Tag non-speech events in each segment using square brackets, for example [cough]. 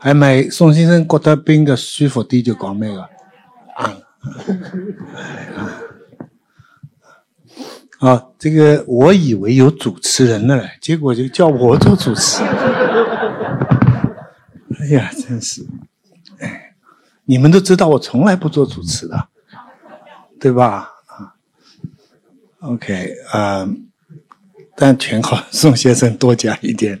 還沒，宋先生覺得邊個舒服啲就講邊個啊。這個我以為有主持人呢，結果就叫我做主持，哎呀真是唉、哎、你們都知道我從來不做主持的，對吧啊？OK 啊、嗯、但全靠宋先生多講一點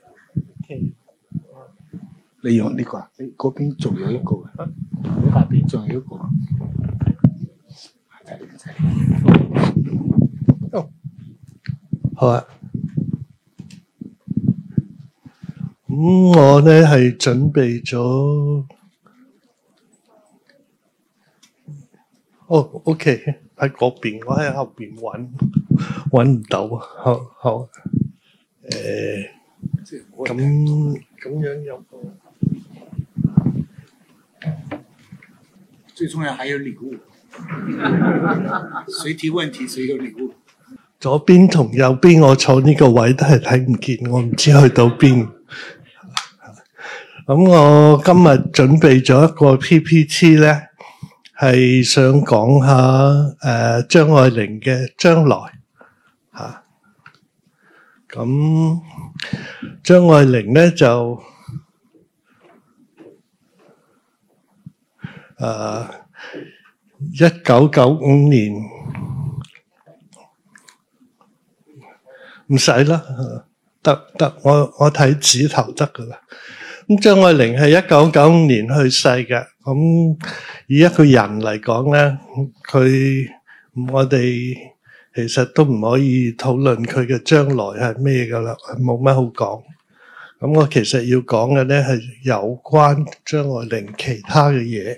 你用呢個啊？你嗰邊仲有一個，你下邊仲有一個。好啊。咁我咧係準備咗。哦，OK，喺嗰邊，我喺後邊揾揾唔到啊。好，好。誒，咁咁樣有個。最重要還有禮物，誰提問題誰有禮物。左邊同右邊，我坐呢個位都係睇唔見，我唔知去到邊。咁我今日準備咗一個 PPT 呢，係想講下誒張愛玲嘅將來吓。咁張愛玲呢就，誒、uh，一九九五年唔使啦，得得，我我睇紙頭得噶啦。咁張愛玲係一九九五年去世嘅，咁、嗯、以一個人嚟講咧，佢我哋其實都唔可以討論佢嘅將來係咩噶啦，冇乜好講。咁、嗯、我其實要講嘅咧係有關張愛玲其他嘅嘢。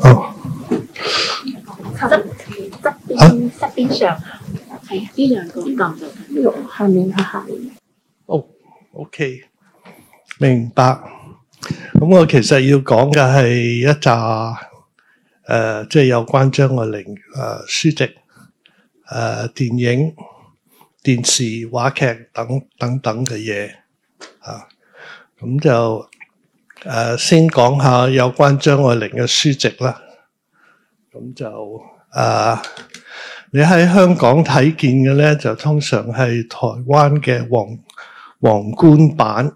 哦、oh.，側邊側邊上係呢、oh. 兩個撳到，下面係下面。OK，明白。咁、嗯、我其實要講嘅係一紮誒，即、呃、係、就是、有關張愛玲誒書籍、誒、呃、電影、電視、話劇等等等嘅嘢啊，咁、嗯、就。誒、呃、先講下有關張愛玲嘅書籍啦，咁就誒、呃、你喺香港睇見嘅咧，就通常係台灣嘅皇皇冠版，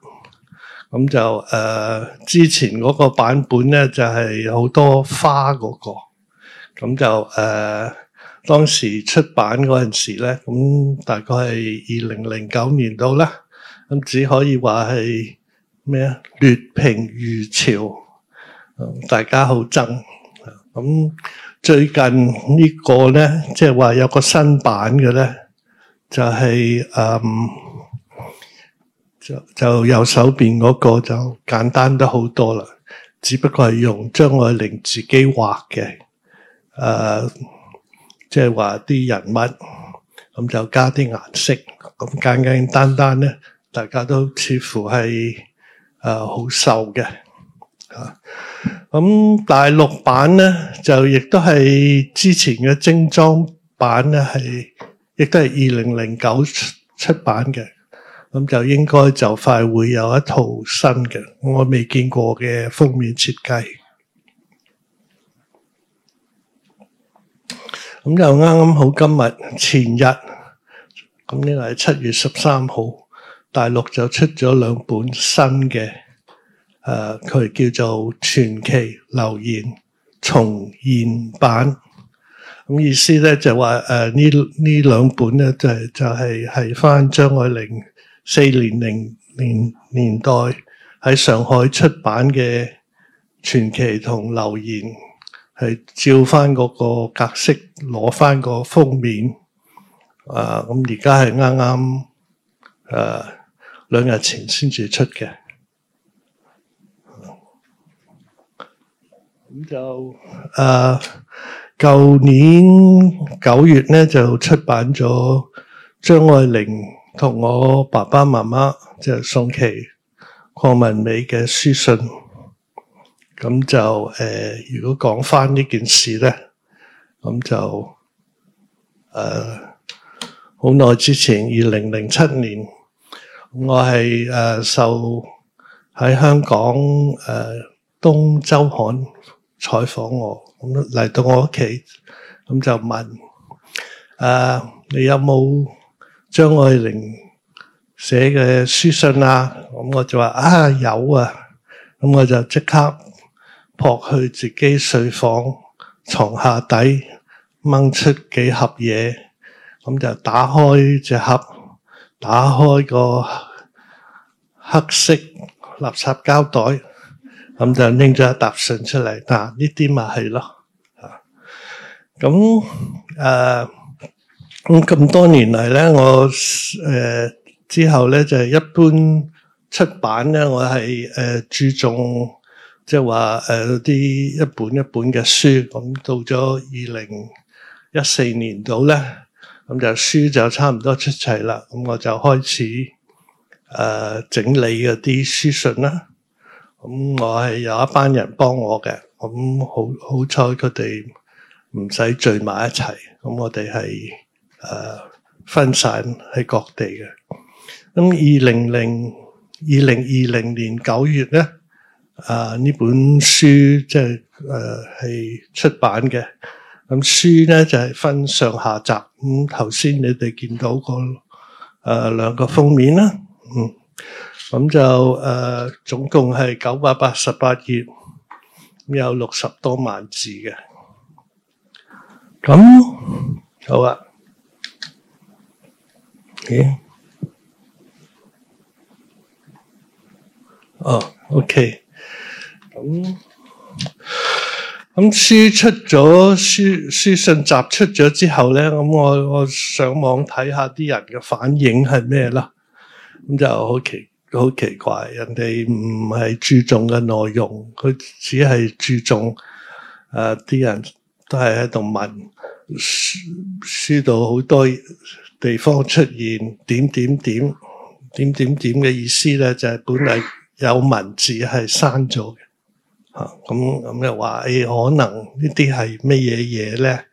咁就誒、呃、之前嗰個版本咧，就係、是、好多花嗰、那個，咁就誒、呃、當時出版嗰陣時咧，咁大概係二零零九年到啦，咁只可以話係。咩啊？劣評如潮，大家好憎。咁最近呢個咧，即係話有個新版嘅咧，就係誒，就就右手邊嗰個就簡單得好多啦。只不過係用張愛玲自己畫嘅，誒，即係話啲人物，咁就加啲顏色，咁簡簡單單咧，大家都似乎係。誒好瘦嘅嚇，咁大陸版咧就亦都係之前嘅精裝版咧係，亦都係二零零九出出版嘅，咁就應該就快會有一套新嘅，我未見過嘅封面設計。咁就啱啱好今日前日，咁呢個係七月十三號。大陸就出咗兩本新嘅，誒、呃，佢叫做《傳奇》《流言》重現版。咁意思咧就話誒、呃、呢呢兩本咧就係、是、就係返翻張愛玲四年零年年代喺上海出版嘅《傳奇》同《流言》，係照翻嗰個格式攞翻個封面。啊、呃，咁而家係啱啱誒。兩日前先至出嘅，咁就誒，舊年九月咧就出版咗張愛玲同我爸爸媽媽即係宋淇、鄺文美嘅書信。咁就誒，如果講返呢件事咧，咁就誒，好耐之前，二零零七年。我係誒受喺香港誒東周刊採訪我，咁嚟到我屋企，咁就問誒你有冇張愛玲寫嘅書信啊？咁我就話啊有啊，咁我就即刻撲去自己睡房牀下底掹出幾盒嘢，咁就打開隻盒，打開個黑色垃圾膠袋，咁就拎咗一沓信出嚟。嗱，呢啲咪係咯嚇。咁誒，咁、啊、咁多年嚟咧，我誒、呃、之後咧就係、一般出版咧，我係誒、呃、注重即係話誒啲一本一本嘅書。咁到咗二零一四年度咧，咁就書就差唔多出齊啦。咁我就開始。誒、呃、整理嗰啲書信啦，咁、嗯、我係有一班人幫我嘅，咁、嗯、好好彩佢哋唔使聚埋一齊，咁、嗯、我哋係誒分散喺各地嘅。咁二零零二零二零年九月咧，啊、呃、呢本書即係誒係出版嘅。咁、嗯、書咧就係、是、分上下集，咁頭先你哋見到個誒、呃、兩個封面啦。嗯，咁就誒、呃，總共係九百八十八頁，有六十多萬字嘅。咁、嗯、好啊？咦、okay. oh, okay. 嗯？哦，OK。咁咁書出咗書書信集出咗之後咧，咁我我上網睇下啲人嘅反應係咩啦？咁就好奇，好奇怪，奇怪人哋唔係注重嘅內容，佢只係注重，啊、呃、啲人都係喺度問書、書到好多地方出現點點點點點點嘅意思咧，就係、是、本嚟有文字係刪咗嘅吓，咁咁又話可能呢啲係咩嘢嘢咧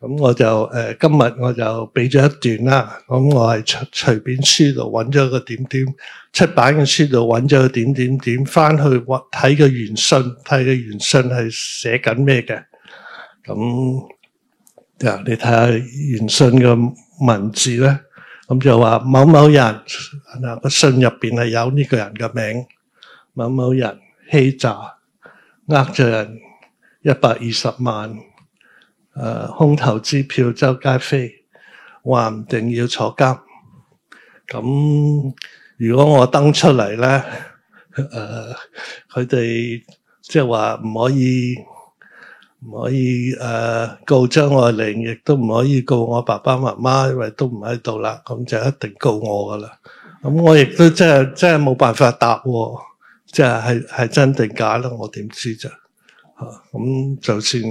咁我就誒、呃、今日我就俾咗一段啦。咁我係隨便書度揾咗一個點點，出版嘅書度揾咗個點點點，翻去睇個原信，睇個原信係寫緊咩嘅。咁、呃、你睇下原信嘅文字咧，咁就話某某人、嗱個信入面係有呢個人嘅名，某某人欺詐，呃咗人一百二十萬。誒、呃、空頭支票周街飛，話唔定要坐監。咁如果我登出嚟咧，誒佢哋即係話唔可以，唔可以誒、呃、告張愛玲，亦都唔可以告我爸爸媽媽，因為都唔喺度啦。咁就一定告我噶啦。咁我亦都真係真係冇辦法答喎、啊。即係係係真定假咧，我點知啫？嚇、啊！咁就算。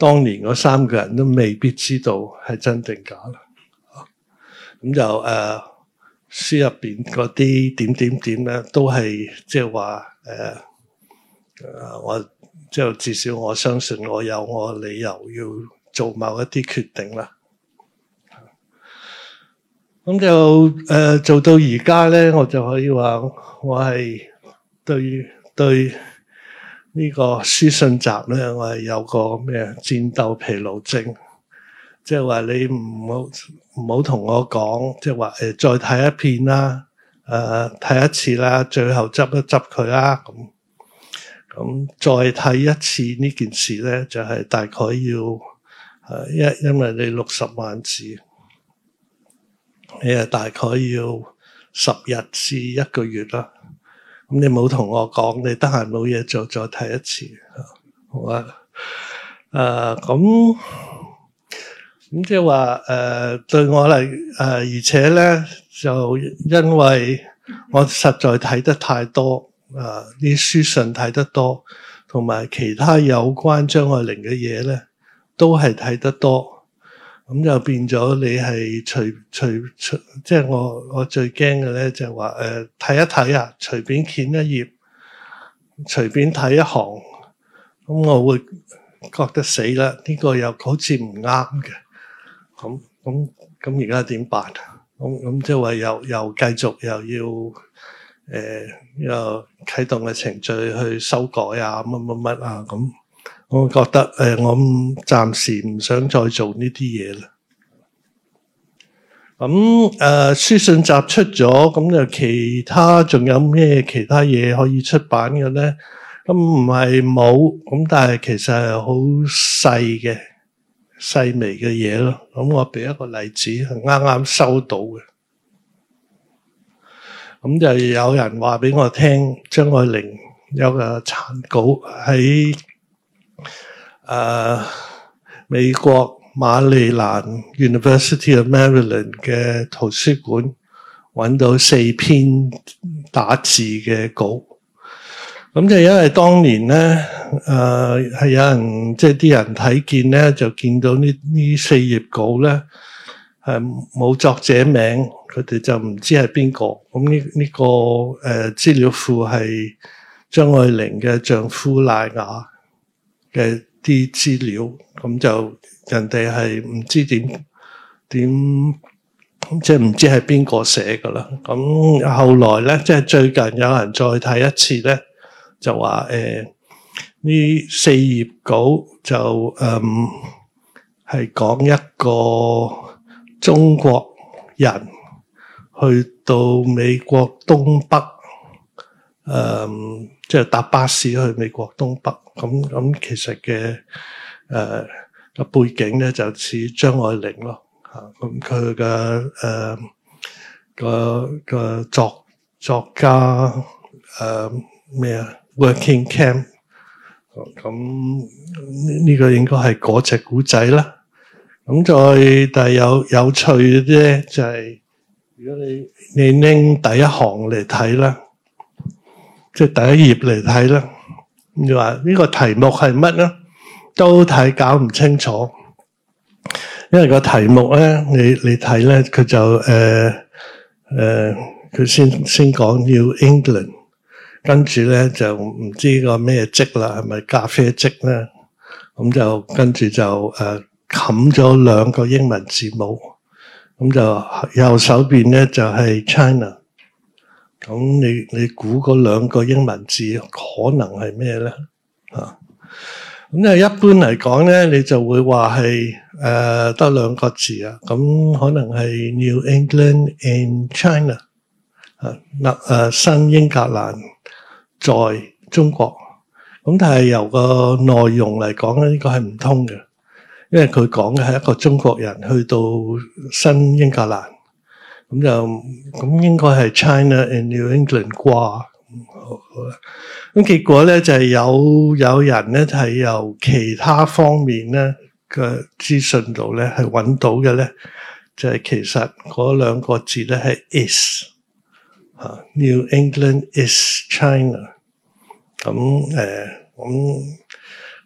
當年嗰三個人都未必知道係真定假啦，咁就誒、呃、書入面嗰啲點點點咧，都係即係話誒我即係至少我相信我有我理由要做某一啲決定啦。咁就誒、呃、做到而家咧，我就可以話我係對對。對。呢、這個書信集咧，我係有個咩戰鬥疲勞症，即係話你唔好唔好同我講，即係話、呃、再睇一遍啦，誒、呃、睇一次啦，最後執一執佢啦，咁、嗯、咁、嗯、再睇一次呢件事咧，就係、是、大概要因、呃、因為你六十萬字，你係大概要十日至一個月啦。咁你冇同我講，你得閒冇嘢做，再睇一次。好啊，誒、嗯，咁、嗯、咁即係話，誒、呃，對我嚟，誒、呃，而且咧，就因為我實在睇得太多，啊，啲書信睇得多，同埋其他有關張愛玲嘅嘢咧，都係睇得多。咁就變咗你係隨隨隨即係我我最驚嘅咧，就係話誒睇一睇啊，隨便揭一頁，隨便睇一行，咁我會覺得死啦！呢、這個又好似唔啱嘅，咁咁咁而家點辦啊？咁咁即係話又又繼續又要誒、呃、又啟動嘅程序去修改啊，乜乜乜啊咁。我覺得誒，我暫時唔想再做呢啲嘢啦。咁誒，書信集出咗，咁就其他仲有咩其他嘢可以出版嘅咧？咁唔係冇咁，但係其實係好細嘅細微嘅嘢咯。咁我俾一個例子，啱啱收到嘅。咁就有人話俾我聽，張愛玲有個殘稿喺。誒、uh, 美國馬利蘭 University of Maryland 嘅圖書館揾到四篇打字嘅稿，咁就因為當年咧，誒、uh, 係有人即係啲人睇見咧，就見到呢呢四頁稿咧係冇作者名，佢哋就唔知係邊個。咁呢呢個誒資料庫係張愛玲嘅丈夫賴雅嘅。啲資料咁就人哋係唔知點點即係唔知係邊個寫噶啦。咁後來咧，即係最近有人再睇一次咧，就話呢、呃、四頁稿就誒係、嗯、講一個中國人去到美國東北，誒即係搭巴士去美國東北。咁、嗯、咁、嗯，其實嘅誒個背景咧就似張愛玲咯嚇，咁佢嘅誒個個作作家誒咩啊 working camp，咁、嗯、呢、嗯嗯這個應該係嗰隻古仔啦。咁、嗯、再但係有有趣啲咧、就是，就係如果你你拎第一行嚟睇啦，即係第一頁嚟睇啦。你話呢個題目係乜咧？都睇搞唔清楚，因為個題目咧，你你睇咧，佢就誒誒，佢、呃呃、先先講要 England，跟住咧就唔知個咩職啦，係咪咖啡職咧？咁就跟住就誒冚咗兩個英文字母，咁就右手邊咧就係、是、China。咁你你估嗰兩個英文字可能係咩咧？嚇！咁就一般嚟講咧，你就會話係誒得兩個字啊。咁可能係 New England in China 啊，嗱誒新英格蘭在中國。咁但係由個內容嚟講咧，呢個係唔通嘅，因為佢講嘅係一個中國人去到新英格蘭。咁就咁應該係 China and New England 啩。好啦。咁結果咧就係、是、有有人咧係由其他方面咧嘅資訊度咧係揾到嘅咧，就係、是、其實嗰兩個字咧係 is 嚇、啊、，New England is China。咁、呃、誒，咁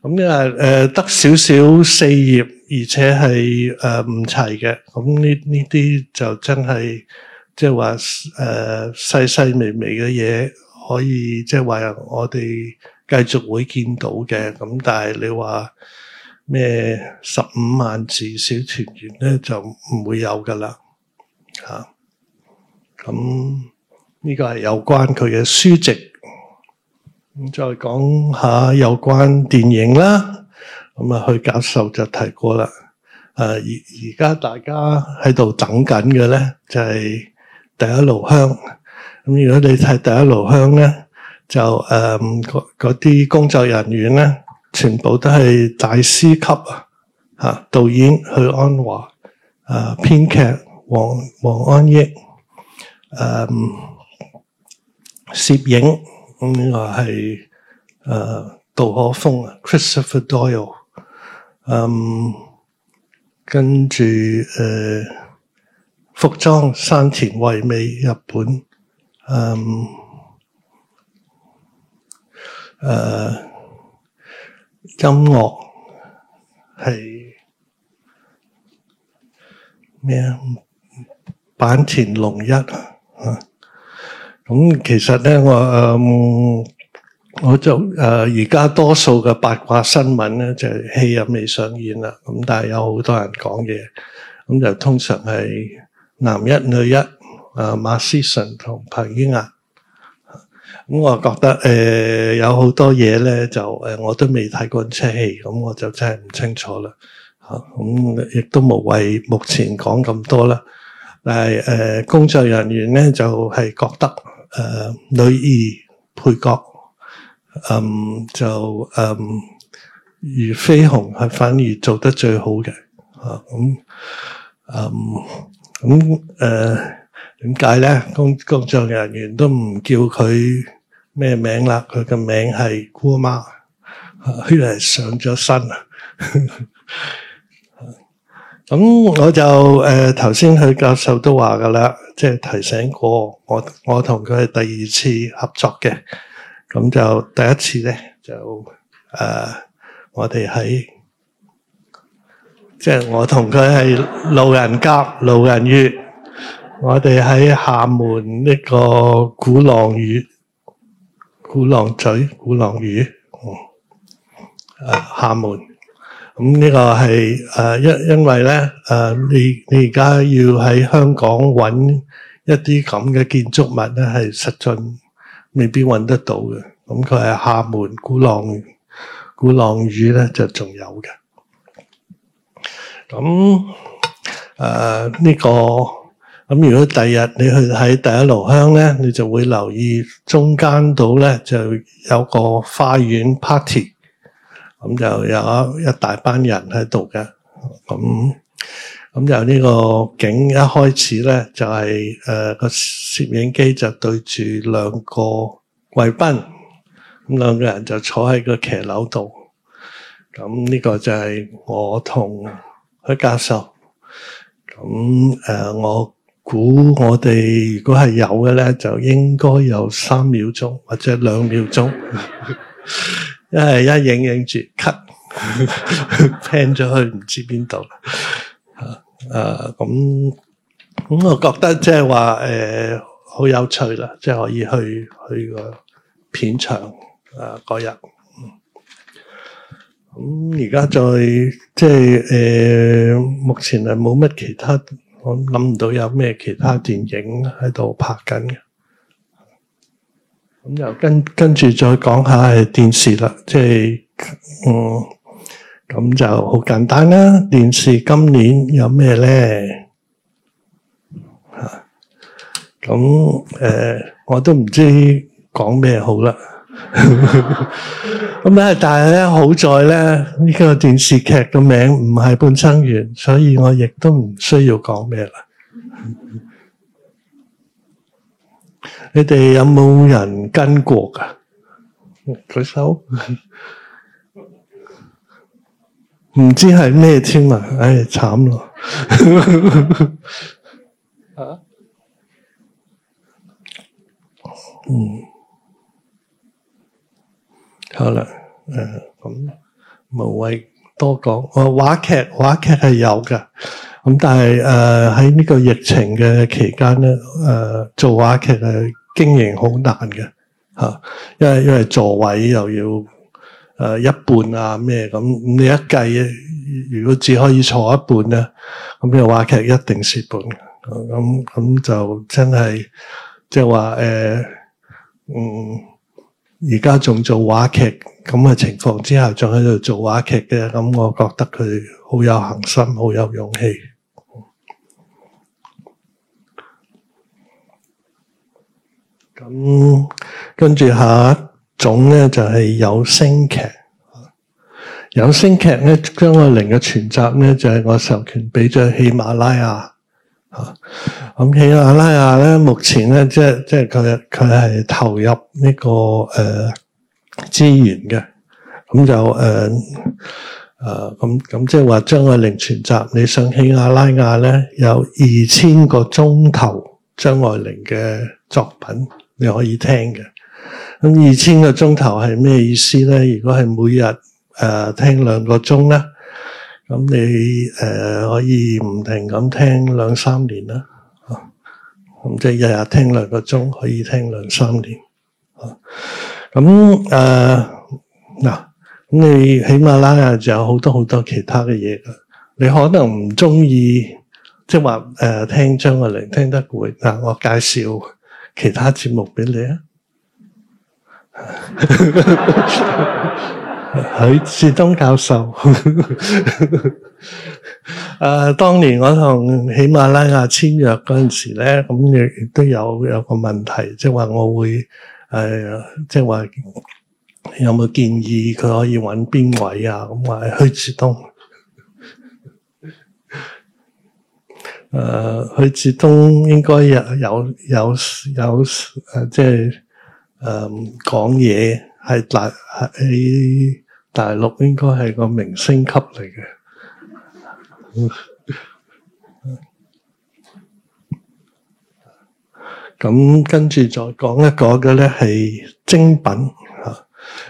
咁你話得少少四頁，而且係誒唔齊嘅，咁呢呢啲就真係即係話誒細細微微嘅嘢，可以即係話我哋繼續會見到嘅。咁、嗯、但係你話咩十五萬字小團圓咧，就唔會有噶啦吓。咁呢個係有關佢嘅書籍。咁再講下有關電影啦，咁啊，許教授就提過啦。誒，而而家大家喺度等緊嘅咧，就係第一爐香。咁如果你睇第一爐香咧，就誒，嗰嗰啲工作人員咧，全部都係大師級啊！吓，導演許鞍華，誒，編劇王王安憶，誒，攝影。咁呢個係誒杜可風啊，Christopher Doyle。嗯，跟住誒服裝山田惠美日本。嗯，誒音樂係咩啊？坂田龍一啊。咁其實咧，我我就誒而家多數嘅八卦新聞咧，就係戲又未上演啦。咁但係有好多人講嘢，咁就通常係男一女一，誒馬思純同彭于晏。咁我覺得誒有好多嘢咧，就誒我都未睇過車戲，咁我就真係唔清楚啦。嚇，咁亦都無謂目前講咁多啦。但係誒工作人員咧就係覺得。誒、呃，女二配角，嗯，就嗯，余飛鴻係反而做得最好嘅。啊，咁，嗯，咁、啊、誒，點解咧？工工作人員都唔叫佢咩名啦，佢嘅名係姑媽，呢個係上咗身啊。咁我就誒，頭先許教授都話噶啦，即係提醒過我，我同佢係第二次合作嘅。咁就第一次咧就誒、呃，我哋喺即係我同佢係路人甲路人乙，我哋喺廈門呢個鼓浪嶼、鼓浪嘴、鼓浪嶼，誒、嗯，廈、啊、門。咁呢個係誒，因因為咧，誒你你而家要喺香港揾一啲咁嘅建築物咧，係失蹤，未必揾得到嘅。咁佢係廈門鼓浪鼓浪嶼咧，就仲有嘅。咁誒呢個咁，如果第日你去喺第一爐香咧，你就會留意中間度咧就有個花園 party。咁就有一大班人喺度嘅，咁咁由呢個景一開始咧就係誒個攝影機就對住兩個貴賓，咁兩個人就坐喺個騎樓度，咁呢個就係我同許教授，咁誒、呃、我估我哋如果係有嘅咧，就應該有三秒鐘或者兩秒鐘。 [laughs] 一拍一影影住 cut pan 咗去唔知邊度。啊，咁、啊、咁、嗯嗯，我覺得即係話誒，好、呃、有趣啦！即、就、係、是、可以去去個片場啊，嗰日。咁而家再即係誒，目前係冇乜其他，我諗唔到有咩其他電影喺度拍緊嘅。咁就跟跟住再講下係電視啦，即、就、係、是、嗯，咁就好簡單啦。電視今年有咩咧吓？咁、啊、誒、呃，我都唔知講咩好啦。咁 [laughs] 咧，但係咧，好在咧，呢這個電視劇嘅名唔係半生緣，所以我亦都唔需要講咩啦。你哋有冇人跟過㗎？舉手，唔知係咩天啦！唉，慘咯～嚇？嗯。好啦，誒咁無謂多講。我話劇話劇係有嘅，咁但係誒喺呢個疫情嘅期間咧，誒做話劇嘅。經營好難嘅㗎，因為因為座位又要誒、呃、一半啊咩咁，你一計如果只可以坐一半咧，咁嘅話劇一定蝕本。咁咁就真係即係話誒，嗯，而家仲做話劇咁嘅情況之下，仲喺度做話劇嘅，咁我覺得佢好有恒心，好有勇氣。咁跟住下一種咧就係、是、有聲劇，有聲劇咧張愛玲嘅全集咧就係、是、我授權俾咗喜馬拉雅，咁喜馬拉雅咧目前咧即係即係佢佢係投入呢、這個誒、呃、資源嘅，咁就誒誒咁咁即係話張愛玲全集你上喜馬拉雅咧有二千個鐘頭張愛玲嘅作品。你可以聽嘅，咁二千個鐘頭係咩意思咧？如果係每日誒、呃、聽兩個鐘咧，咁你誒、呃、可以唔停咁聽兩三年啦，咁、嗯、即係日日聽兩個鐘可以聽兩三年。咁誒嗱，咁、呃、你喜馬拉雅就有好多好多其他嘅嘢噶，你可能唔中意，即係話誒聽張愛玲聽得攰嗱，我介紹。其他節目俾你啊！ [laughs] [laughs] 許子東教授， [laughs] 啊，當年我同喜馬拉雅簽約嗰陣時咧，咁亦亦都有有一個問題，即係話我會誒，即係話有冇建議佢可以揾邊位啊？咁話許子東。呃許子東應該有有有有誒，即係誒講嘢係大大陸應該係個明星級嚟嘅。咁 [laughs] 跟住再講一講嘅呢，係精品。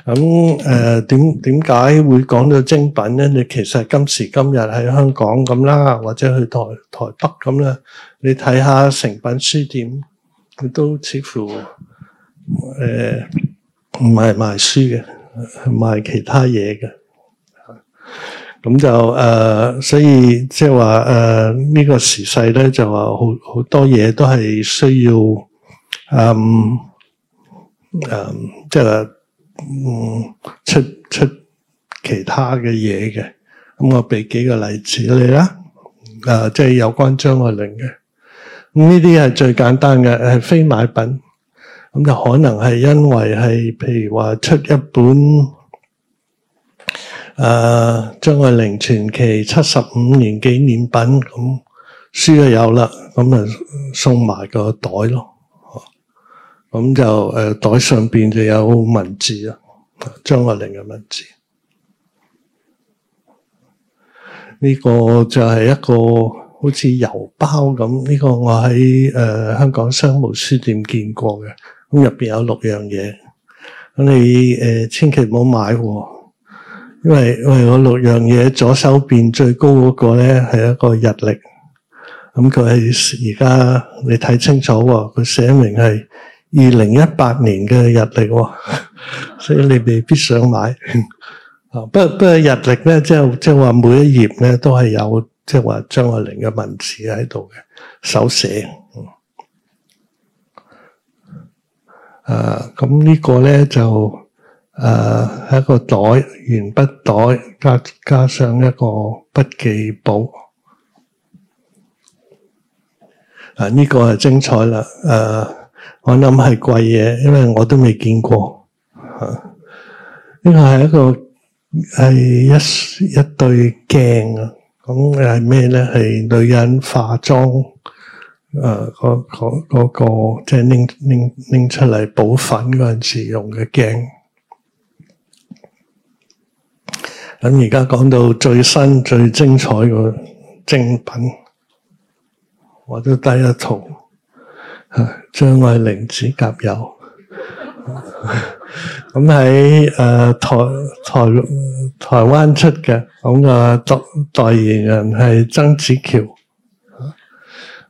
咁誒點點解會講到精品咧？你其實今時今日喺香港咁啦，或者去台台北咁啦，你睇下成品書店，佢都似乎誒唔係賣書嘅，係賣其他嘢嘅。咁就誒，所以即係話誒呢個時勢咧，就話好好多嘢都係需要誒誒，即係。嗯，出出其他嘅嘢嘅，咁我俾幾個例子你啦，誒、啊，即係有關張愛玲嘅，咁呢啲係最簡單嘅，係非賣品，咁就可能係因為係，譬如話出一本誒張、啊、愛玲傳奇七十五年紀念品，咁書都有啦，咁啊送埋個袋咯。咁就誒袋上面就有文字啦，張愛玲嘅文字。呢、這個就係一個好似郵包咁，呢、這個我喺、呃、香港商務書店見過嘅。咁入面有六樣嘢，你誒、呃、千祈唔好買喎、哦，因為因為我六樣嘢，左手邊最高嗰個咧係一個日曆，咁佢係而家你睇清楚喎、哦，佢寫明係。二零一八年嘅日曆，所以你未必想買。不不過日曆咧，即係即係話每一頁咧都係有即係話張愛玲嘅文字喺度嘅手寫。啊，咁呢個咧就誒係一個袋鉛筆袋，加加上一個筆記簿。啊，呢個係精彩啦，誒。我諗係貴嘢，因為我都未見過，啊。呢個係一個係一一對鏡，啊，咁係咩呢？係女人化妝，呃嗰個嗰個即係拎拎拎出嚟補粉嗰陣時用嘅鏡。咁而家講到最新最精彩嘅精品，我都得一套。張愛玲指甲油， [laughs] 咁喺誒台台台灣出嘅，咁、那個代代言人係曾子喬，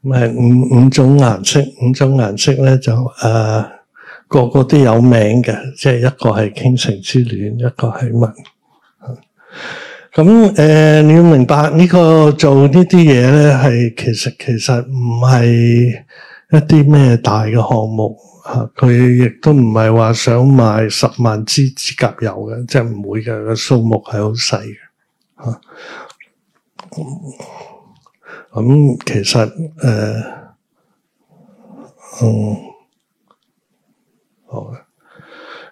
咁係五五種顏色，五種顏色咧就誒、呃、個個都有名嘅，即係一個係傾城之戀，一個係乜，咁誒、呃、你要明白呢、這個做呢啲嘢咧，係其實其實唔係。一啲咩大嘅項目吓，佢亦都唔係話想賣十萬支指甲油嘅，即係唔會嘅，個數目係好細嘅吓。咁、啊嗯嗯、其實誒、呃，嗯，好。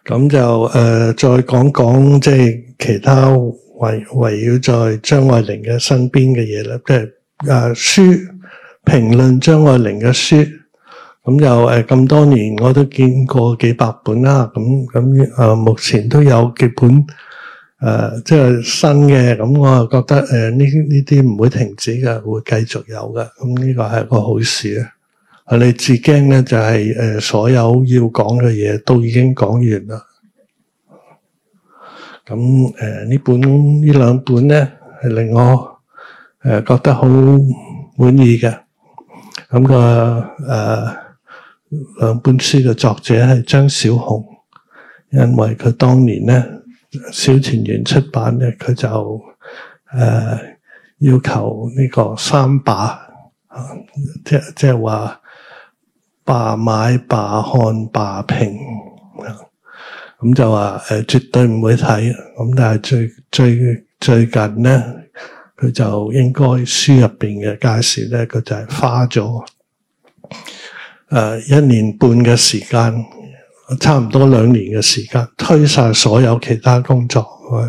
咁就誒再講講即係其他圍圍繞在張愛玲嘅身邊嘅嘢啦，即係誒書評論張愛玲嘅書。咁又誒，咁、呃、多年我都見過幾百本啦，咁咁誒，目前都有幾本誒，即、呃、係、就是、新嘅，咁我就覺得誒呢呢啲唔會停止嘅，會繼續有嘅，咁呢個係個好事啊！我哋最驚咧就係、是、誒、呃，所有要講嘅嘢都已經講完啦。咁誒呢本呢兩本咧係令我誒、呃、覺得好滿意嘅，咁、那個誒。呃兩本書嘅作者係張小紅，因為佢當年咧小前緣出版咧，佢就誒、呃、要求呢個三霸、啊、即即係話霸買霸看霸評咁、啊、就話誒、呃、絕對唔會睇。咁但係最最最近咧，佢就應該書入邊嘅介紹咧，佢就係花咗。誒一年半嘅時間，差唔多兩年嘅時間，推晒所有其他工作，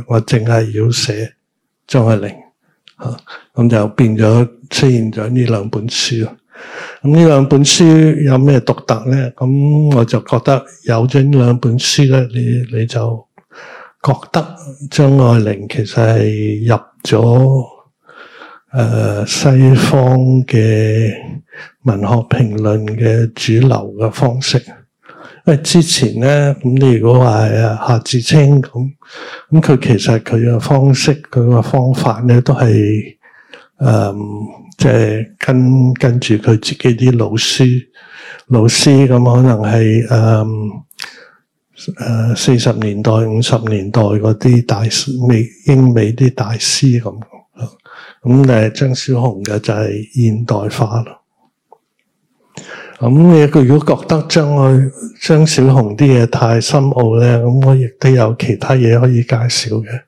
我淨係要寫張愛玲，咁就變咗出現咗呢兩本書。咁呢兩本書有咩獨特呢？咁我就覺得有咗呢兩本書咧，你你就覺得張愛玲其實係入咗。誒、呃、西方嘅文學評論嘅主流嘅方式，因為之前咧，咁你如果話啊夏志清咁，咁佢其實佢嘅方式佢嘅方法咧都係誒，即、呃、係、就是、跟跟住佢自己啲老師，老師咁可能係誒誒四十年代五十年代嗰啲大美英美啲大師咁。咁誒，張小紅嘅就係現代化咯。咁你如果覺得張愛張小紅啲嘢太深奧咧，咁我亦都有其他嘢可以介紹嘅。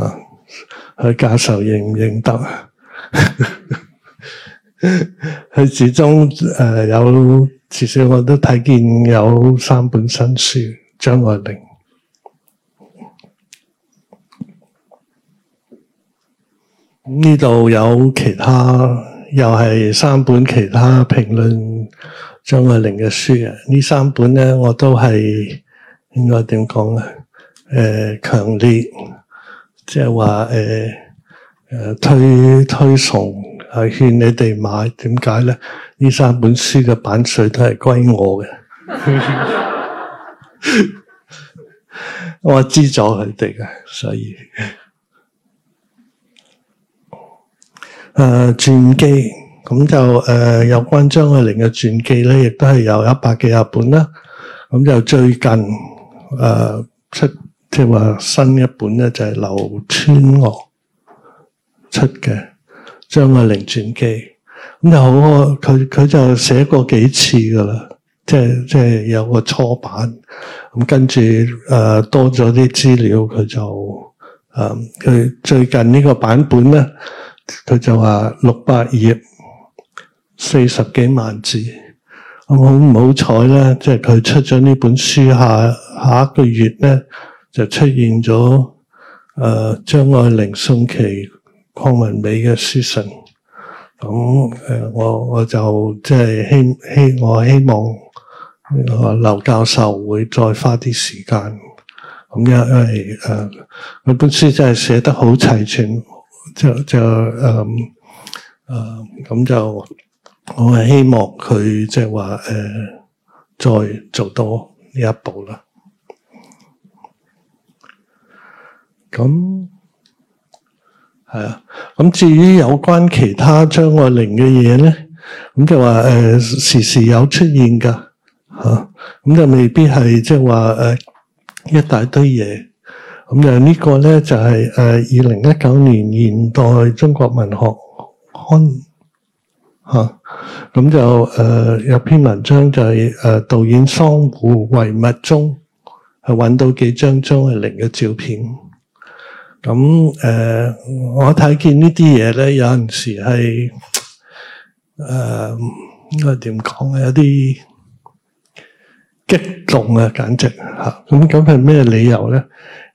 啊，許教授認唔認得？佢 [laughs] 始終誒、呃、有，至少我都睇見有三本新書，張愛玲。呢度有其他又係三本其他評論張愛玲嘅書嘅，呢三本咧我都係應該點講咧？誒、呃，強烈即係話誒誒推推崇係勸你哋買，點解咧？呢三本書嘅版稅都係歸我嘅 [laughs] [laughs] 我知咗佢哋嘅，所以。誒、呃，傳記咁就誒、呃，有關張愛玲嘅傳記咧，亦都係有一百幾十本啦。咁、嗯、就最近誒、呃、出，即係話新一本咧，就係、是、劉川鄂出嘅張愛玲傳記。咁、嗯、就好，佢佢就寫過幾次噶啦，即係即係有個初版。咁跟住誒多咗啲資料，佢就誒佢、嗯、最近呢個版本咧。佢就話六百頁，四十幾萬字，咁好唔好彩咧？即係佢出咗呢本書，下下一個月咧就出現咗誒、呃、張愛玲、宋淇、鄺文美嘅書信。咁誒、呃，我我就即係希希，我希望劉教授會再花啲時間，咁因為誒，佢、呃、本書真係寫得好齊全。就就嗯誒咁、嗯、就我係希望佢即係話誒再做多呢一步啦。咁係啊。咁至於有關其他張愛玲嘅嘢咧，咁就話誒、呃、時時有出現噶吓，咁、啊、就未必係即係話誒一大堆嘢。咁就呢個咧就係誒，二零一九年現代中國文學刊吓，咁就誒有篇文章就係誒導演桑弧遺物中係揾到幾張張愛玲嘅照片，咁誒我睇見呢啲嘢咧有陣時係誒應該點講啊，有啲。激動啊，簡直咁咁係咩理由呢？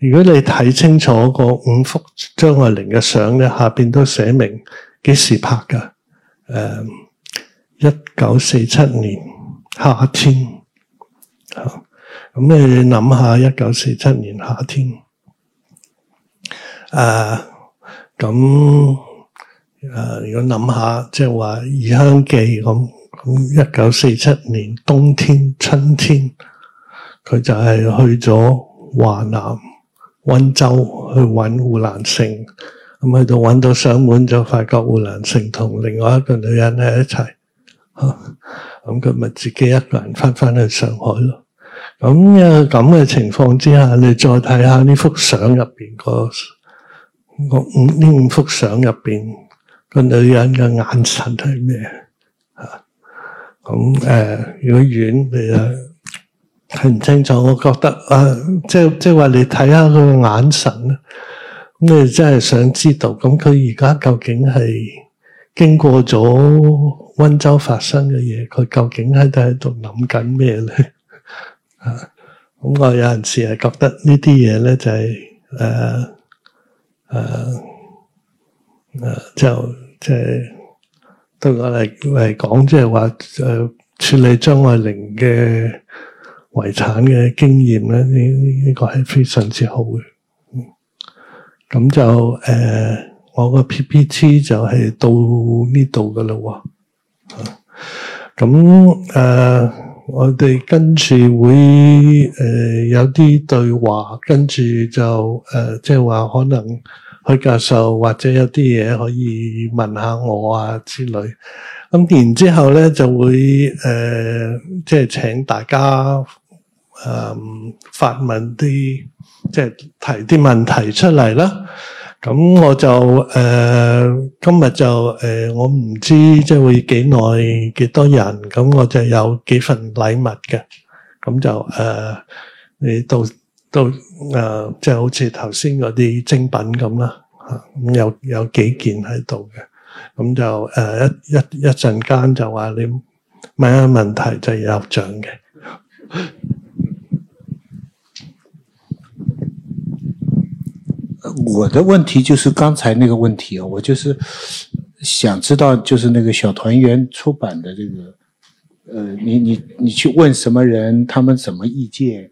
如果你睇清楚個五幅張愛玲嘅相呢，下面都寫明幾時拍㗎。誒、呃，一九四七年夏天。咁你諗下一九四七年夏天，誒、嗯、咁、呃呃、如果諗下即係話《異鄉記》咁。一九四七年冬天、春天，佢就係去咗華南温州去搵胡蘭成，咁喺度搵到上門就發覺胡蘭成同另外一個女人喺一齊，咁佢咪自己一個人返翻去上海咯。咁喺咁嘅情況之下，你再睇下呢幅相入面個，五呢五幅相入面個女人嘅眼神係咩？咁誒、呃，如果遠你就睇唔清楚，我覺得啊，即係即係話你睇下佢嘅眼神咧，咁你真係想知道，咁佢而家究竟係經過咗溫州發生嘅嘢，佢究竟喺度喺度諗緊咩咧？啊，咁我有陣時係覺得呢啲嘢咧就係誒誒誒就即係。就係。對我嚟嚟講，即係話誒，處理張愛玲嘅遺產嘅經驗咧，呢、呢、呢個係非常之好嘅。咁就誒、呃，我個 PPT 就係到呢度噶啦。咁誒、呃，我哋跟住會誒、呃、有啲對話，跟住就誒，即係話可能。許教授或者有啲嘢可以問下我啊之類，咁然之後咧就會誒，即、呃、係、就是、請大家誒、呃、發問啲，即、就、係、是、提啲問題出嚟啦。咁我就誒、呃、今日就誒、呃，我唔知即係、就是、會幾耐幾多，多人，咁我就有幾份禮物嘅，咁就誒、呃、你到。到誒，即、呃、好似頭先嗰啲精品咁啦，咁、嗯、有有幾件喺度嘅，咁就誒、呃、一一一陣間就話你問下問題就有獎嘅。我的問題就是剛才那個問題啊，我就是想知道，就是那個小團圓出版的呢、這個，誒、呃，你你你去問什麼人，他們什麼意見？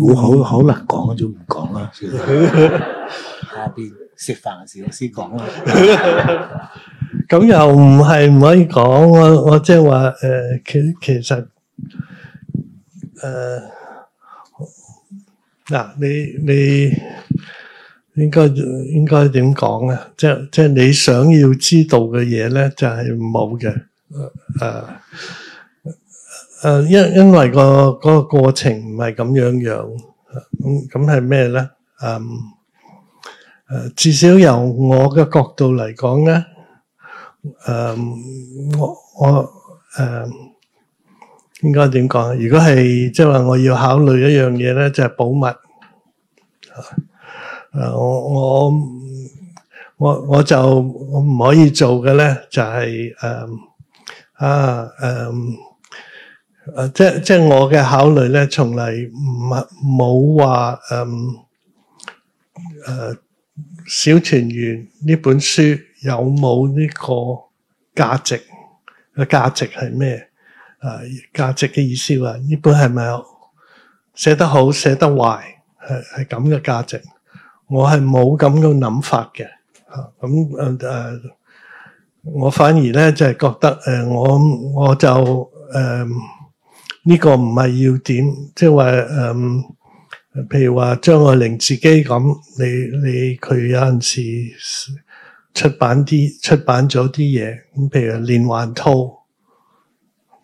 我好好難講，就唔講啦。下邊食飯嘅時候先講啦。咁又唔係唔可以講，我我即係話誒，其其實誒，嗱你你應該應該點講啊？即即係你想要知道嘅嘢咧，就係冇嘅誒。誒，因因為個嗰個過程唔係咁樣樣，咁咁係咩咧？誒，誒，至少由我嘅角度嚟講咧，誒，我我誒，應該點講？如果係即係話，我要考慮一樣嘢咧，就係保密。誒，我我我我就我唔可以做嘅咧，就係誒，啊，誒。誒、呃、即係即我嘅考慮咧，從嚟唔係冇話誒，小團圓呢本書有冇呢個價值嘅，價值係咩？誒、啊、價值嘅意思話呢本係咪寫得好、寫得壞，係係咁嘅價值？我係冇咁嘅諗法嘅。咁誒我反而咧就係、是、覺得、呃、我我就誒。呃呢個唔係要點，即係話誒，譬如話張愛玲自己咁，你你佢有陣時出版啲出版咗啲嘢，咁譬如《連環套》，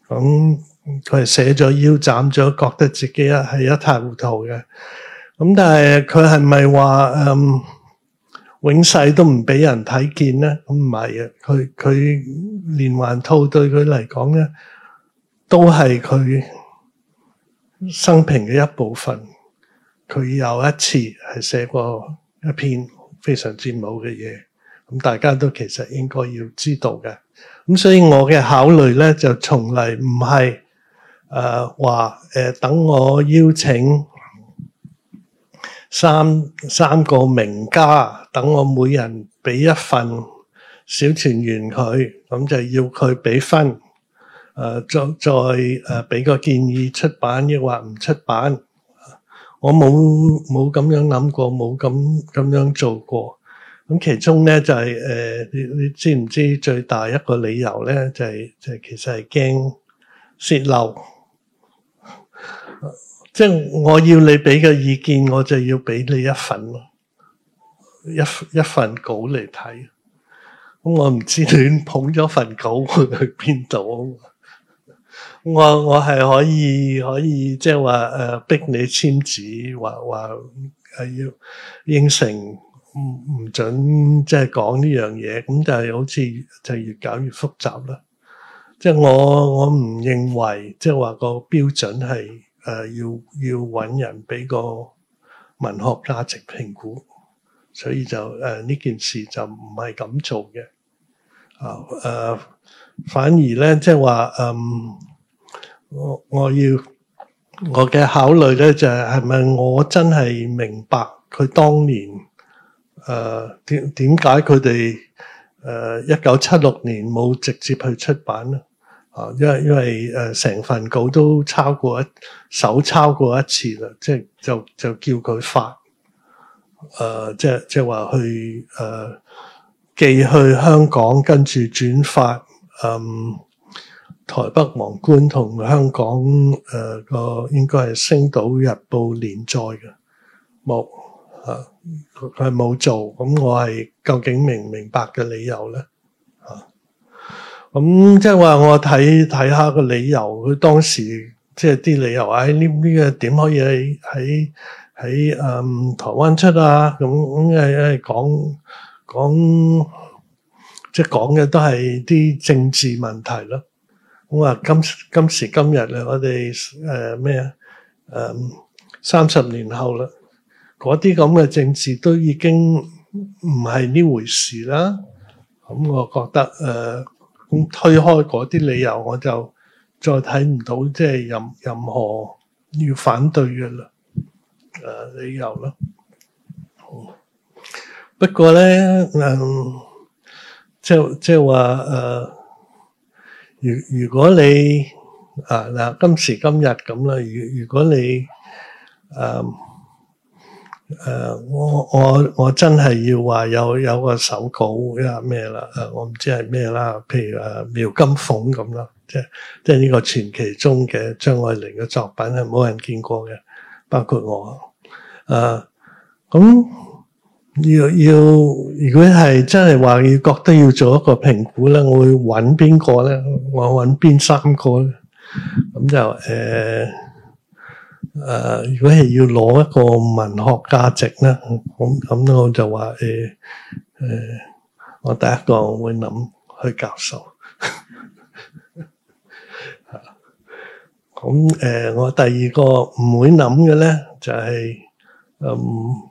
咁佢係寫咗、腰斬咗，覺得自己啊係一塌糊塗嘅。咁、嗯、但係佢係咪話誒永世都唔俾人睇見咧？咁唔係嘅，佢佢《連環套》對佢嚟講咧。都係佢生平嘅一部分。佢有一次係寫過一篇非常之冇嘅嘢，咁大家都其實應該要知道嘅。咁所以我嘅考慮呢，就從嚟唔係誒話誒等我邀請三三個名家，等我每人俾一份小團圓佢，咁就要佢俾分。誒、啊、再再誒俾個建議出版，抑或唔出版？我冇冇咁樣諗過，冇咁咁樣做過。咁其中咧就係誒你你知唔知最大一個理由咧，就係、就係其實係驚泄漏。即係 [laughs] 我要你俾個意見，我就要俾你一份咯，一一份稿嚟睇。咁我唔知亂捧咗份稿去邊度。我我係可以可以，即係話誒逼你簽字，或話係要應承唔唔准即係講呢樣嘢，咁，但係好似就越搞越複雜啦。即係我我唔認為即係話個標準係誒要要揾人俾個文學價值評估，所以就誒呢件事就唔係咁做嘅。啊誒，反而咧即係話嗯。我我要我嘅考慮咧，就係係咪我真係明白佢當年誒點點解佢哋誒一九七六年冇直接去出版咧？啊、呃，因因為誒成、呃、份稿都抄過一手抄過一次啦，即係就就叫佢發誒、呃，即即係話去誒、呃、寄去香港，跟住轉發嗯。台北皇冠同香港誒個應該係《星島日報》連載嘅冇嚇，佢係冇做咁，我係究竟明唔明白嘅理由咧嚇？咁即係話我睇睇下個理由，佢當時即係啲理由喺呢呢個點、這個、可以喺喺喺誒台灣出啊？咁咁誒誒講講，即、嗯、係講嘅、就是、都係啲政治問題咯。今今時今日我哋誒咩啊誒三十年後啦，嗰啲咁嘅政治都已經唔係呢回事啦。咁、嗯、我覺得誒咁、呃、推開嗰啲理由，我就再睇唔到即係任任何要反對嘅啦、呃、理由啦。好，不過咧誒、呃，即即係話誒。呃如如果你啊嗱今時今日咁啦，如如果你誒誒、啊啊，我我我真係要話有有個手稿啊咩啦誒我唔知係咩啦，譬如誒苗金鳳咁啦，即係即係呢個傳奇中嘅張愛玲嘅作品係冇人見過嘅，包括我誒咁。啊要要，如果係真係話要覺得要做一個評估咧，我會揾邊個咧？我揾邊三個咧？咁就誒誒，如果係要攞一個文學價值咧，咁咁我就話誒誒，我第一個我會諗去教授。咁誒，我第二個唔會諗嘅咧，就係嗯。